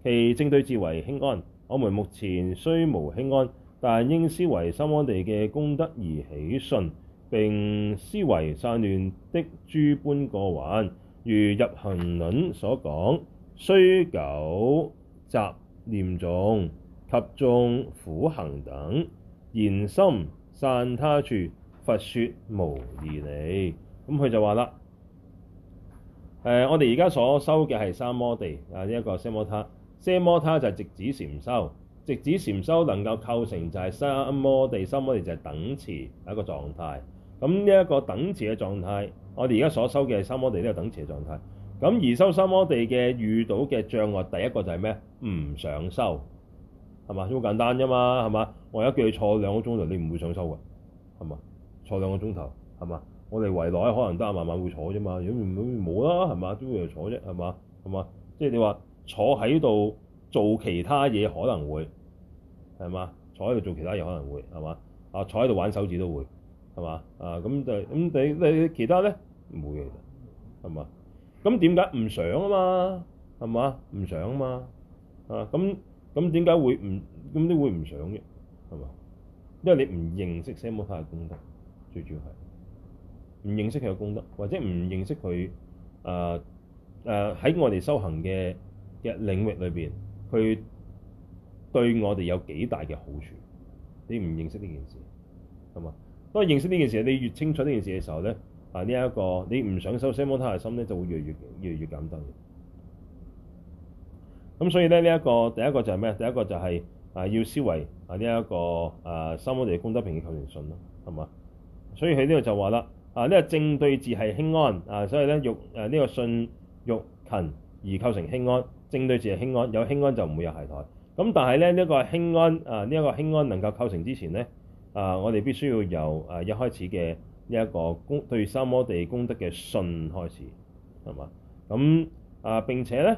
其正對治為輕安。我們目前雖無輕安，但應思維三摩地嘅功德而起信，並思維散亂的諸般過患，如入行論所講，雖久習唸誦。及眾苦行等，然心散他處，佛說無義利。咁、嗯、佢就話啦、呃：我哋而家所修嘅係三摩地啊，呢、這、一個奢摩他。奢摩他就係直指禪修，直指禪修能夠構成就係三摩地。三摩地就係等持一個狀態。咁呢一個等持嘅狀態，我哋而家所修嘅係三摩地呢、這個等持嘅狀態。咁而修三摩地嘅遇到嘅障礙，第一個就係咩？唔想修。係嘛，都好簡單啫嘛，係嘛。我而家叫你坐兩個鐘頭，你唔會想收嘅，係嘛？坐兩個鐘頭，係嘛？我哋圍內可能得阿萬萬會坐啫嘛，如果唔冇冇啦，係嘛？都會坐啫，係嘛？係嘛？即係你話坐喺度做其他嘢可能會係嘛？坐喺度做其他嘢可能會係嘛？啊，坐喺度玩手指都會係嘛？啊，咁就咁你你其他咧唔會嘅，係嘛？咁點解唔想啊嘛？係嘛？唔想啊嘛？啊，咁。咁點解會唔咁你會唔想嘅？係嘛？因為你唔認識奢摩他嘅功德，最主要係唔認識佢嘅功德，或者唔認識佢喺、呃呃、我哋修行嘅嘅領域裏面。佢對我哋有幾大嘅好處？你唔認識呢件事係嘛？當你認識呢件事，你越清楚呢件事嘅時候咧，呢、啊、一、這個你唔想收修奢摩他嘅心咧，就會越嚟越越嚟越簡單。咁所以咧，呢一個第一個就係咩？第一個就係啊，要思維啊呢一個啊三摩地功德，平嘅構成信咯，係嘛？所以佢呢個就話啦，啊呢個正對治係輕安啊，所以咧欲誒呢個信欲勤而構成輕安，正對治係輕安，有輕安就唔會有懈怠。咁但係咧呢個輕安啊呢一個輕安能夠構成之前咧啊，我哋必須要由啊一開始嘅呢一個功對三摩地功德嘅信開始，係嘛？咁啊並且咧。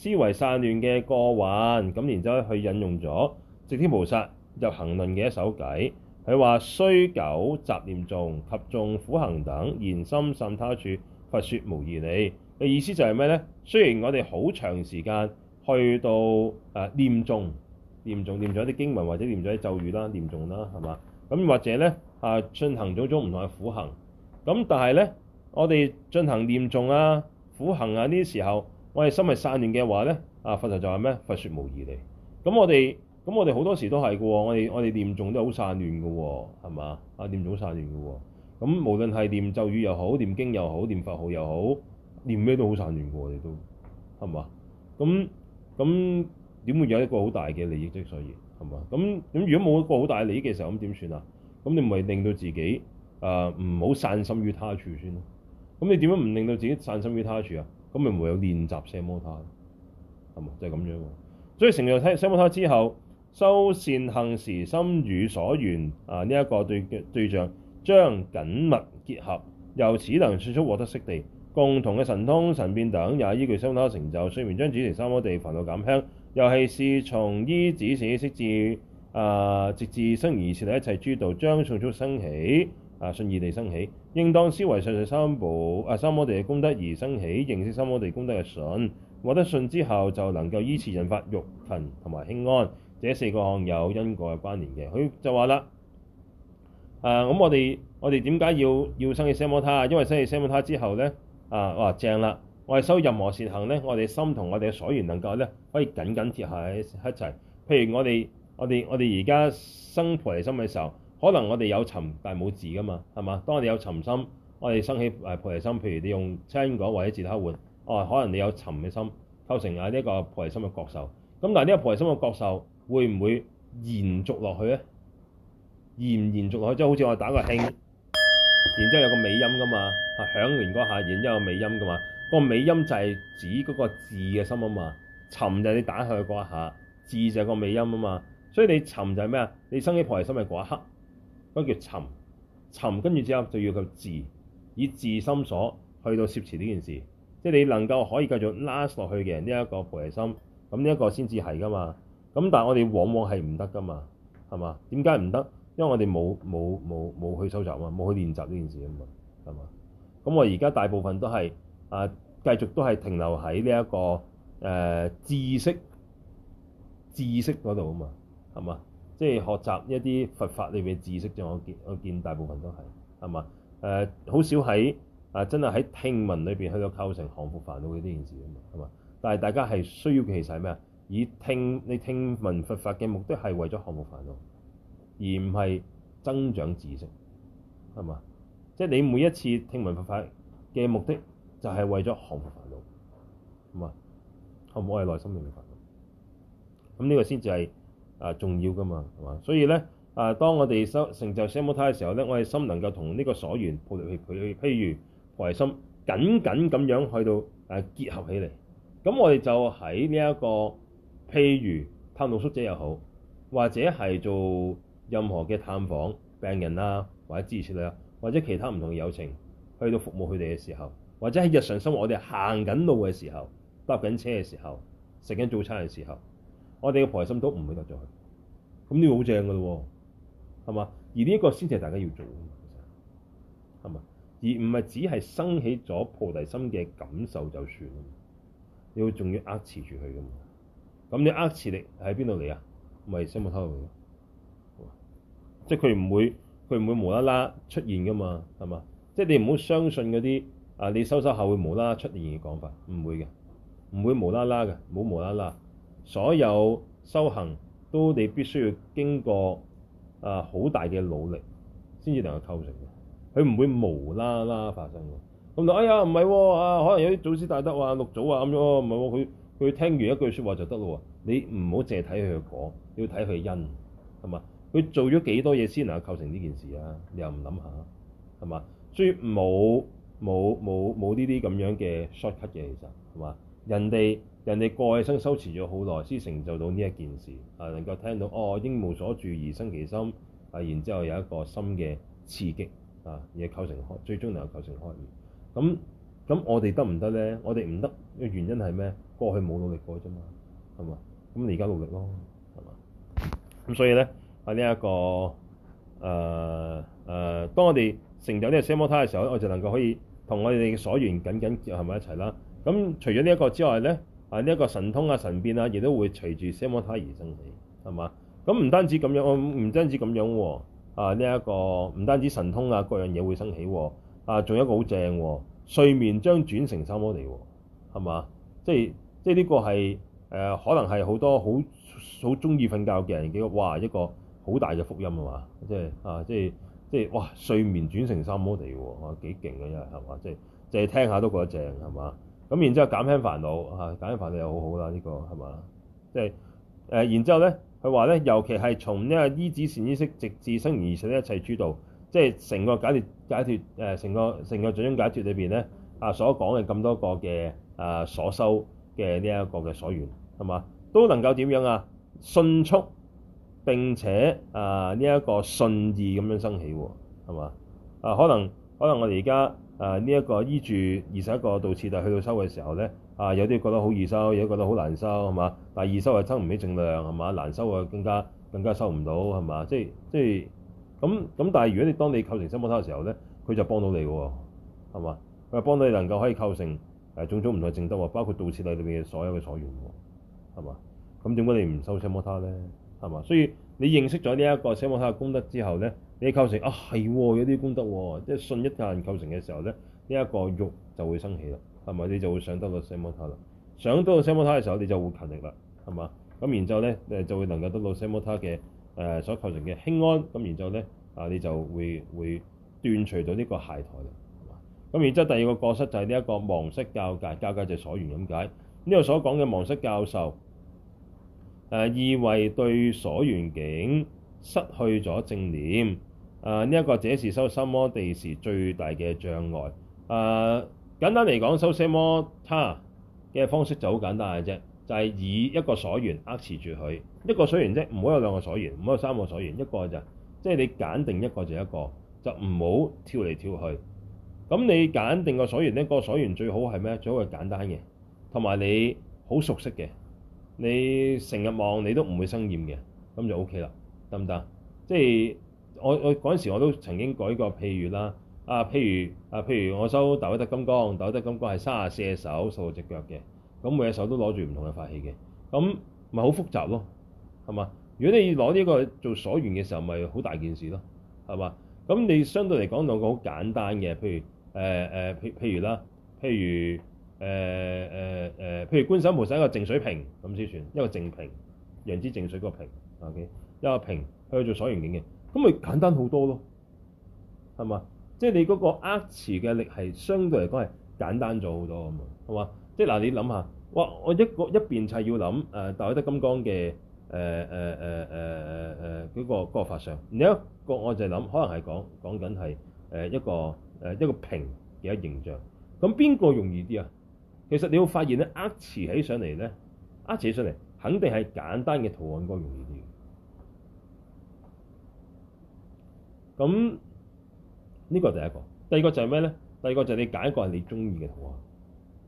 思維散亂嘅過患，咁然之後咧，佢引用咗《寂天菩薩入行論》嘅一首偈，佢話：雖久習唸誦及眾苦行等，然心散他處，佛説無義利。嘅意思就係咩呢？雖然我哋好長時間去到誒念誦、念誦、念咗啲經文或者念咗啲咒語啦、念誦啦，係嘛？咁或者呢？啊，進行咗種種唔同嘅苦行，咁但係呢，我哋進行念誦啊、苦行啊呢啲時候。我哋心係散亂嘅話咧，啊佛就就係咩？佛説無義利。咁我哋，咁我哋好多時候都係嘅喎。我哋我哋念誦都好散亂嘅喎，係嘛？啊念誦散亂嘅喎。咁無論係念咒語又好，念經又好，念佛號又好，念咩都好散亂嘅喎，我哋都係嘛？咁咁點會有一個好大嘅利益啫？所以係嘛？咁咁如果冇一個好大嘅利益嘅時候，咁點算啊？咁你唔係令到自己誒唔好散心於他處先咯？咁你點樣唔令到自己散心於他處啊？咁咪唔會有練習奢摩他，係嘛？即係咁樣喎。所以成就奢奢摩他之後，修善行時心與所緣啊呢一、這個對對象將緊密結合，由此能迅速獲得悉地。共同嘅神通、神變等也依據奢摩他成就，睡眠將主持三摩地，煩惱減輕，尤其是從依止善知識直至啊、呃、直至生圓次第一切諸道將迅速生起啊，順易地生起。應當思惟上述三寶，啊三摩地嘅功德而生起認識三摩地功德嘅信。獲得信之後，就能夠依次引發欲、勤同埋輕安，這四個項有因果嘅關聯嘅。佢就話啦，啊咁我哋我哋點解要要生起三摩他啊？因為生起三摩他之後咧，啊哇正啦，我哋修任何善行咧，我哋心同我哋嘅所緣能夠咧可以緊緊貼喺一齊。譬如我哋我哋我哋而家生菩提心嘅時候。可能我哋有尋，但係冇伺噶嘛，係嘛？當我哋有尋心，我哋生起誒菩提心，譬如你用青果或者自他換，哦，可能你有尋嘅心構成下呢個菩提心嘅覺受。咁但係呢個菩提心嘅覺受會唔會延續落去咧？延唔延續落去？即係好似我打個磬，然之後有個尾音㗎嘛，係響完嗰下，然之後有個尾音㗎嘛。個尾音就係指嗰個伺嘅心啊嘛，尋就係你打下去嗰一下，伺就係個尾音啊嘛。所以你尋就係咩啊？你生起菩提心嘅嗰一刻。嗰個叫沉沉，跟住之後就要個自，以自心所去到攝持呢件事，即係你能夠可以繼續拉落去嘅呢一個菩提心，咁呢一個先至係噶嘛。咁但係我哋往往係唔得噶嘛，係嘛？點解唔得？因為我哋冇冇冇冇去收集啊嘛，冇去練習呢件事啊嘛，係嘛？咁我而家大部分都係啊，繼續都係停留喺呢一個誒、啊、知識知識嗰度啊嘛，係嘛？即係學習一啲佛法裏邊嘅知識，就我見我見大部分都係，係嘛？誒、呃，好少喺啊真係喺聽聞裏面，去到構成降伏煩惱嘅呢件事啊嘛，係嘛？但係大家係需要嘅其實係咩啊？以聽你聽聞佛法嘅目的係為咗降伏煩惱，而唔係增長知識，係嘛？即係你每一次聽聞佛法嘅目的就係為咗降伏煩惱，咁啊，可唔可以內心裏面煩惱？咁呢個先至係。啊重要噶嘛，係嘛？所以咧，啊，當我哋修成就奢摩他嘅時候咧，我哋心能夠同呢個所緣抱提菩提譬如唯心緊緊咁樣去到、啊、結合起嚟，咁我哋就喺呢一個譬如探路、宿者又好，或者係做任何嘅探訪病人啊，或者支持你啊，或者其他唔同嘅友情去到服務佢哋嘅時候，或者喺日常生活我哋行緊路嘅時候，搭緊車嘅時候，食緊早餐嘅時候。我哋嘅菩提心都唔會得罪佢，咁呢好正嘅咯，係嘛？而呢個先至係大家要做嘅，其實，係嘛？而唔係只係生起咗菩提心嘅感受就算，你要仲要扼持住佢㗎嘛？咁你扼持力喺邊度嚟啊？唔係心冇偷嚟嘅，即係佢唔會，佢唔會無啦啦出現㗎嘛，係嘛？即係你唔好相信嗰啲啊，你收收下會無啦啦出現嘅講法，唔會嘅，唔會無啦啦嘅，唔好無啦啦。所有修行都你必須要經過啊好、呃、大嘅努力先至能夠構成嘅，佢唔會無啦啦發生㗎。咁就哎呀唔係喎，唔係啊，可能有啲祖師大德啊，六祖啊咁樣，唔係佢佢聽完一句説話就得咯。你唔好淨係睇佢嘅果，你要睇佢嘅因，係嘛？佢做咗幾多嘢先能夠構成呢件事啊？你又唔諗下係嘛？所以冇冇冇冇呢啲咁樣嘅 shortcut 嘅其實係嘛？人哋人哋過去生修持咗好耐，先成就到呢一件事啊，能夠聽到哦，應無所住而生其心啊，然之後有一個新嘅刺激啊，而構成開，最終能夠構成開悟。咁咁我哋得唔得咧？我哋唔得嘅原因係咩？過去冇努力過啫嘛，係嘛？咁你而家努力咯，係嘛？咁所以咧喺呢一個誒誒，當我哋成就呢個奢摩他嘅時候，我就能夠可以同我哋嘅所緣緊緊緊結合埋一齊啦。咁除咗呢一個之外咧，啊呢一、這個神通啊神變啊，亦都會隨住 s 三摩地而升起，係嘛？咁唔單止咁樣，我、啊、唔單止咁樣喎、啊，啊呢一、這個唔單止神通啊各樣嘢會升起啊，啊仲有一個好正喎、啊，睡眠將轉成三摩地喎、啊，係嘛？即係即係呢個係誒、呃，可能係好多好好中意瞓覺嘅人幾個哇一個好大嘅福音啊嘛，即係啊即係即係哇睡眠轉成三摩地喎、啊，啊幾勁啊又係嘛？即係即係聽下都覺得正係嘛？咁然之後減輕煩惱，嚇減輕煩惱又好好、啊、啦，呢、這個係嘛？即係誒，然之後咧，佢話咧，尤其係從呢個依止善知識直至生圓次第呢一切諸道，即係成個解脱解脱誒，成、呃、個成個最終解脱裏邊咧，啊所講嘅咁多個嘅啊所修嘅呢一個嘅所願係嘛，都能夠點樣啊？迅速並且啊呢一、這個順易咁樣升起，係嘛？啊可能可能我哋而家。誒呢一個依住二十一個道次第，但去到修嘅時候咧，啊有啲覺得好易修，有啲覺得好難修，係嘛？但係易修又撐唔起正量，係嘛？難修又更加更加修唔到，係嘛？即係即係咁咁。但係如果你當你構成奢摩他嘅時候咧，佢就幫到你喎，係嘛？佢幫到你能夠可以構成誒種種唔同嘅正德喎，包括道次第裏面嘅所有嘅所用喎，係嘛？咁點解你唔修奢摩他咧？係嘛？所以你認識咗呢一個奢摩他嘅功德之後咧。你構成啊喎，有啲功德、啊，即係信一念構成嘅時候咧，呢、這、一個慾就會生起啦，係咪？你就會想得到三摩他啦。想得到三摩他嘅時候，你就會勤力啦，係嘛？咁然之後咧，誒就會能夠得到三摩他嘅誒所構成嘅輕安。咁然之後咧，啊你就會會斷除到呢個懈怠啦。咁然之後第二個角色就係呢一個忘失教界，教界就係所緣咁解。呢個所講嘅忘失教授，誒、呃、意為對所緣境失去咗正念。誒呢一個這是修三摩、啊、地時最大嘅障礙。誒、啊、簡單嚟講，修奢摩他嘅、啊、方式就好簡單嘅啫，就係、是、以一個所緣扼持住佢一個所緣啫，唔好有兩個所緣，唔好有三個所緣。一個就即係你揀定一個就一個，就唔好跳嚟跳去。咁你揀定個所緣，呢個所緣最好係咩？最好係簡單嘅，同埋你好熟悉嘅，你成日望你都唔會生厭嘅，咁就 OK 啦，得唔得？即係。我我嗰陣時我都曾經改過譬，啊，譬如啦，啊譬如啊譬如我收《大威德金剛》，大威德金剛係卅四隻手數隻腳嘅，咁每隻手都攞住唔同嘅法器嘅，咁咪好複雜咯，係嘛？如果你攞呢一個做所緣嘅時候，咪好大件事咯，係嘛？咁你相對嚟講兩個好簡單嘅，譬如誒誒，譬譬如啦，譬如誒誒誒，譬如觀世音菩薩一個淨水瓶咁，先算一個淨瓶，楊枝淨水嗰個瓶，ok 一個瓶佢去做所緣點嘅。咁咪簡單好多咯，係嘛？即係你嗰個握持嘅力係相對嚟講係簡單咗好多咁嘛，係嘛？即係嗱，你諗下，哇！我一個一邊砌要諗，誒大德金剛嘅誒誒誒誒誒嗰個割法相，然後一個我就係諗，可能係講講緊係誒一個誒、呃、一個平嘅一形象。咁邊個容易啲啊？其實你會發現咧，握持起上嚟咧，握持起上嚟，肯定係簡單嘅圖案嗰個容易啲。咁呢個第一個，第二個就係咩咧？第二個就係你揀一個係你中意嘅圖案，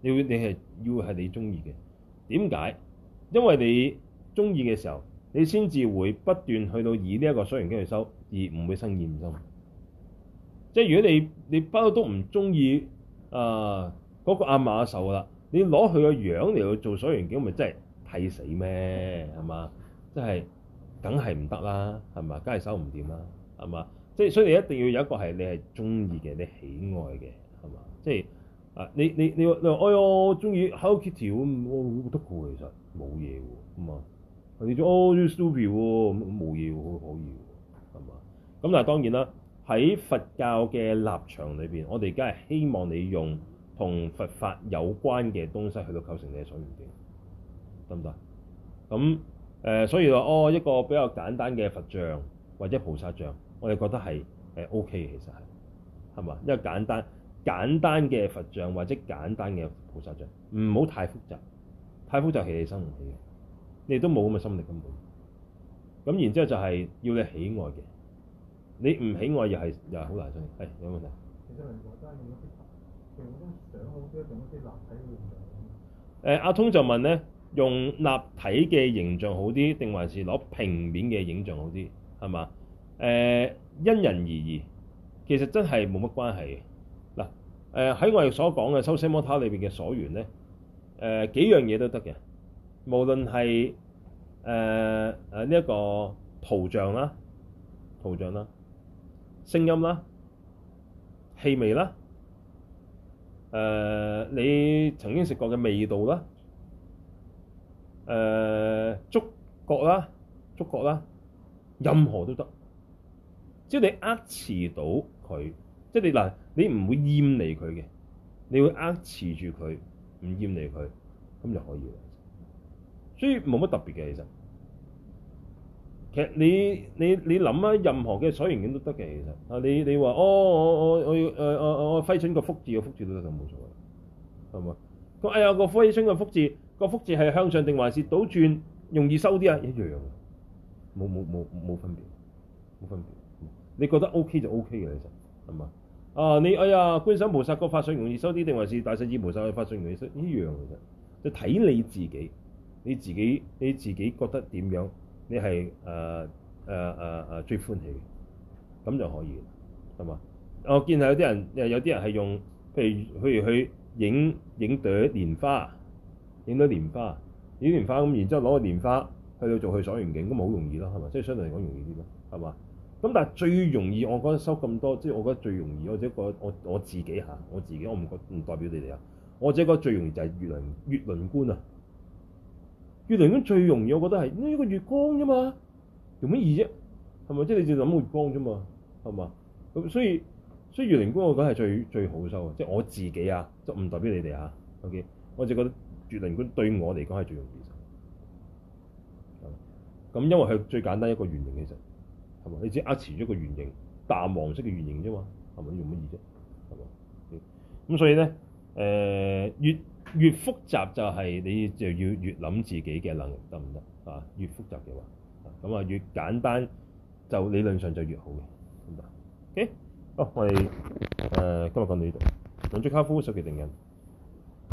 你要你係要係你中意嘅。點解？因為你中意嘅時候，你先至會不斷去到以呢一個所緣境去收，而唔會生厭心。即係如果你你不嬲都唔中意啊嗰個阿馬手啦，你攞佢個樣嚟去做所緣境，咪真係睇死咩係嘛？真係梗係唔得啦，係嘛？梗係收唔掂啦，係嘛？.即所以你一定要有一個係你係中意嘅，你喜愛嘅，係嘛？即係啊，你你你話哎呦，中意 Hello Kitty 我好得意，其實冇嘢喎，咁啊，你做 Oh you stupid 喎，冇嘢喎，好，可以係嘛？咁但係當然啦，喺佛教嘅立場裏邊，我哋而家係希望你用同佛法有關嘅東西去到構成你嘅所緣境，得唔得？咁誒，所以話哦，一個比較簡單嘅佛像或者菩薩像。我哋覺得係 O K 嘅，其實係係嘛？因為簡單簡單嘅佛像或者簡單嘅菩薩像，唔好太複雜，太複雜起你生唔起嘅，你都冇咁嘅心力根本。咁然之後就係要你喜愛嘅，你唔喜愛又係又係好難信。係、嗯哎、有，有問題。其實我哋講齋用嗰啲，用嗰好多，用一啲立體嘅影像，阿通就問咧，用立體嘅形象好啲定還是攞平面嘅影像好啲？係嘛？誒、呃、因人而異，其實真係冇乜關係嘅。嗱誒，喺我哋所講嘅奢摩他裏邊嘅所緣咧，誒、呃、幾樣嘢都得嘅，無論係誒誒呢一個圖像啦、圖像啦、聲音啦、氣味啦、誒、呃、你曾經食過嘅味道啦、誒、呃、觸覺啦、觸覺啦，任何都得。即係你握持到佢，即係你嗱，你唔會厭離佢嘅，你會握持住佢，唔厭離佢，咁就可以啦。所以冇乜特別嘅，其實其實你你你諗啊，任何嘅所緣境都得嘅。其實啊，你你話哦，我我我要誒誒誒揮春個福字個福字都得就冇錯啦，係咪？咁哎呀個揮春個福字個福字係向上定還是倒轉容易收啲啊？一樣，冇冇冇冇分別，冇分別。你覺得 OK 就 OK 嘅，其實係嘛？啊，你哎呀，觀世音菩薩嘅法上容易修啲，定還是大勢至菩薩嘅法上容易修？一樣其實，就睇你自己，你自己你自己覺得點樣你係？你係誒誒誒誒最歡喜嘅，咁就可以了，係嘛？我見係有啲人有啲人係用，譬如譬如去影影朵蓮花，影朵蓮花，影蓮花咁，然之後攞個蓮花去到做佢所緣境，咁咪好容易咯，係嘛？即係相對嚟講容易啲咯，係嘛？咁但係最容易，我覺得收咁多，即係我覺得最容易，我覺得我我自己嚇，我自己，我唔覺唔代表你哋啊。我自己覺得最容易就係月輪月輪觀啊，月輪觀最容易，我覺得係呢個月光啫嘛，容乜易啫？係咪？即係你就諗個月光啫嘛，係嘛？咁所以所以月輪觀我覺得係最最好收，即係我自己啊，就唔代表你哋嚇。O.K. 我只覺得月輪觀對我嚟講係最容易收。咁因為佢最簡單一個圓形其實。係嘛？你隻鴨馳咗個圓形，淡黃色嘅圓形啫嘛，係咪？用乜意啫？係嘛？咁所以咧，誒、呃、越越複雜就係你就要越諗自己嘅能力得唔得啊？越複雜嘅話，咁啊、嗯、越簡單就理論上就越好嘅，得唔得？OK，哦，我哋誒、呃、今日講到呢度，龍珠卡夫手機定印。